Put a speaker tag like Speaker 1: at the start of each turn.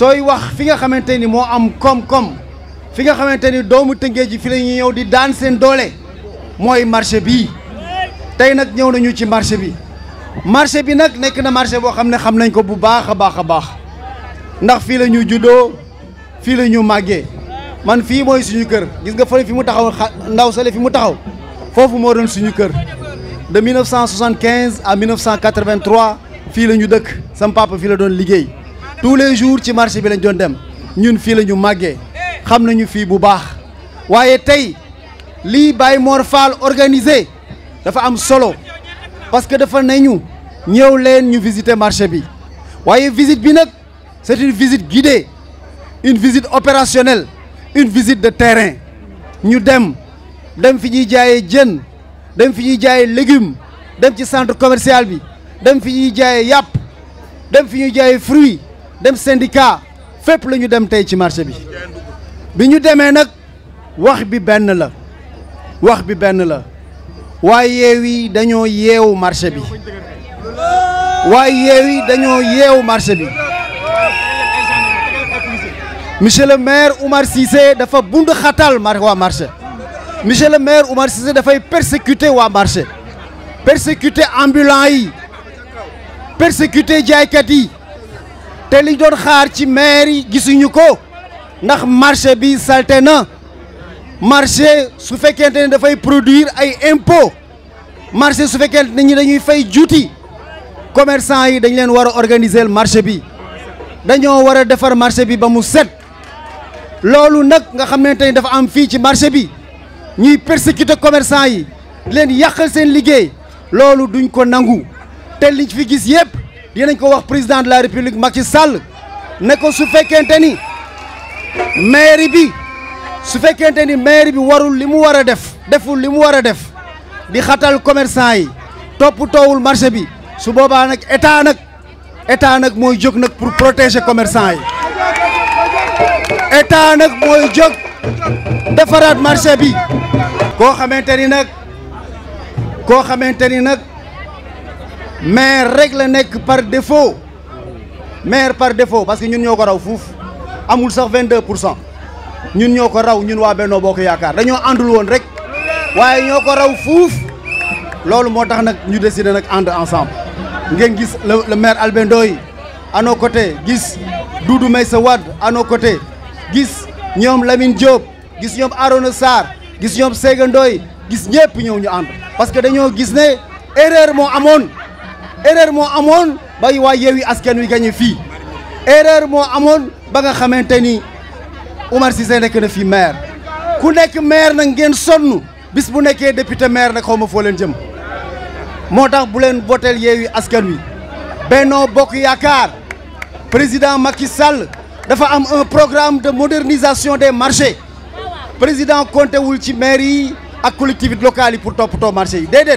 Speaker 1: sooy wax fi nga xamante ni moo am koom-koom fi nga xamante ni doomu Tëngéej ji fi la ñuy ñëw di daan seen doole mooy marché bii tey nag ñëw nañu ci marché bi marché bi nag nekk na marché boo xam ne xam nañ ko bu baax a baax a baax ndax fii la ñu juddoo fii la ñu màggee man fii mooy suñu kër gis nga fële fi mu taxaw ndaw sale fi mu taxaw foofu moo doon suñu kër de 1975 à 1983 fii la ñu dëkk sam fii la doon liggéey tous les jours ci marché bi lañ doon dem ñun fi lañu maggé màggee xam nañu fii bu baax waaye tay li Baye morfal organisé dafa am solo parce que dafa nañu ñew leen ñu visiter marché bi waaye visite bi nak c'est une visite guidée une visite opérationnelle une visite de terrain ñu dem dem fi ñuy jaayee jën dem fi ñuy jaayee légumes dem ci centre commercial bi dem fi ñuy jaayee yàpp dem fi ñuy jaayee fruits dem syndicat fépp la ñu dem tey ci marché bi bi ñu demee nag wax bi benn la wax bi benn la waa Yewwi dañoo yeewu marché bi dañoo yeewu marché bi monsieur le maire Oumar Cissé dafa bund xatal waa marché monsieur le maire Oumar Cissé dafay persécuter waa marché persécuter ambulant yi persécuter jaaykat yi te li doon xaar ci maire yi gisuñu ko ndax marché bi salte na marché su fekkente ne dafay produire ay impo marché su fekkente ne ñi dañuy fay juuti commerçant yi dañ leen war a organiser marché bi dañoo war a defar marché bi ba mu set loolu nag nga xam ne tey dafa am fii ci marché bi ñuy persécuter commerçant yi leen yàqal seen liggéey loolu duñ ko nangu te liñ fi gis yépp dinañ ko wax président de la république Macky Sall ne ko su fekente ni maire bi su fekente ni maire bi warul limu wara def deful limu wara def di xatal commerçant yi top towul marché bi su boba nak état nak état nak moy jóg nak pour protéger commerçant yi état nak moy jóg defarat marché bi ko xamanteni nak ko xamanteni nak maire rek la par défaut maire par défaut parce que ñun ñoo ko raw fuuf amul sax 22 nous cent ñun ñoo ko raw ñun waa Benno Bokk Yaakaar nous àndul woon rek waaye ñoo ko raw fuuf loolu moo ñu ensemble ngeen gis le maire Albendoy à nos côtés gis Doudou Meissa Wad à nos côtés gis ñoom Lamine Diop gis ñoom Arona Sar, gis ñoom Séga Ndoye gis ñëpp ñëw ñu ànd parce que nous gis ne erreur mon amoon erreur mo amone bay wa Yewwi Askan Wi gagné fi. erreur mo amone ba nga xamanteni ni Cissé nek na fi maire ku nek maire nag ngeen sonn bis bu nekkee député maire nak xawma fo foo leen jëm motax bu leen botel Yewwi Askan Wi Benno Bokk yakar président Macky Sall dafa am un programme de modernisation des marchés président Conté wul ci maire yi ak collectivités locales pour pour to marché Dédé.